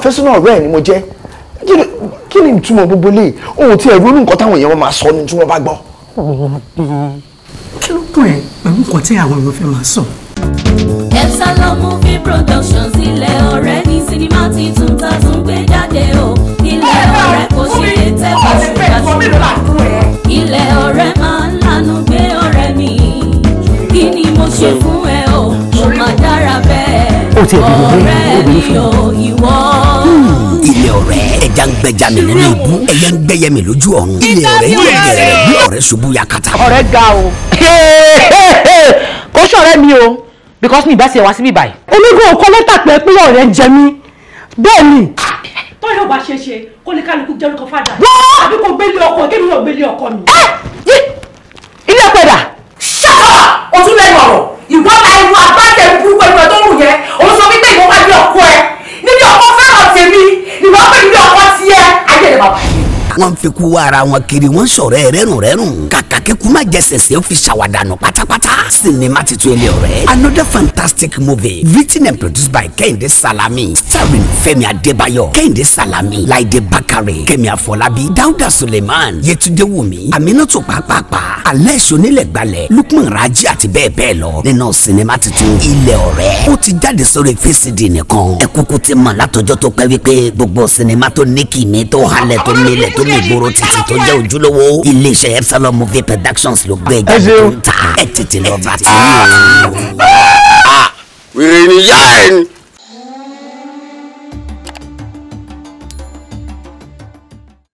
àfẹ́sọ́nà ọ̀rẹ́ ni mo jẹ́ kí ni ìtumọ̀ gbogbo lè ohun tí ẹ̀rú nǹkan táwọn èèyàn máa sọ ni tí bá gbọ́. kí ló dùn ẹ pẹ̀lú nǹkan tí àwọn èèyàn fẹ́ máa sọ. Epsilon Movie Productions ilẹ̀ ọ̀rẹ́ ní sinimá ti tún ta tún gbé jáde o ilẹ̀ ọ̀rẹ́ kò ṣe lè tẹ́ bá ṣùgbọ́n ilẹ̀ ọ̀rẹ́ máa ń lànà gbé ọ̀rẹ́ mi kí ni mo ṣe fún ẹ o mo máa dára bẹ́ẹ̀ ọ̀rẹ́ mi o ìwọ ẹja mi nínú ìbú ẹyẹ ń gbẹyẹ mi lójú ọ̀run ilé ọ̀rẹ́ yóò gẹ̀rẹ̀ bí ọ̀rẹ́ ṣubú yakata. ọ̀rẹ́ ga o kò ṣọ̀rẹ́ mi o because mi ìbá ṣe wá síbí báyìí. ológun òkú lẹ́tà pé pé ọ̀rẹ́ jẹ mí bẹ́ẹ̀ ni. tọ́yìn ò bá ṣe ṣe kó ní kálukú jẹ́ olùkọ́ fàdà àbí kò gbélé ọkọ kébì náà ọkọ mi. ilé ọ̀pẹ̀dà ṣáà o tún lẹ́yìn ọ̀rọ̀ wọ́n fi kú ara wọn kiri wọ́n sọ̀rọ̀ ẹ̀ rẹ́rùn rẹ́rùn kàkà kíkú má jẹ sẹ̀sẹ̀ fi ṣàwàdànù pátápátá Cinema Titun Eleore. Another fantastic movie written and produced by Kehinde Salami starring Femi Adebayo, Kehinde Salami, Laide Bakare, Kemi Afolabi, Dauda Suleiman, Yetunde Wumi, Aminatu Papapa, Alẹ́ Sonilẹ̀gbalẹ̀, Lukman Raji àti bẹ́ẹ̀ bẹ́ẹ̀ lọ nínú Cinema Titun Eleore. Ó ti jáde sórí fésìdì nìkan. Ẹ kúkú ti mọ̀ látọjọ́ tó pẹ́ wípé gbogbo sinimá tó ní kìíní tó halẹ̀ tó nílẹ̀ tó nígboro títí tó jẹ́ ojúlówó. Ilé iṣẹ́ Epsilon Movie Productions ló gbé e ẹja tó ń ta. Ẹ tètè lọ bá àti yìí o.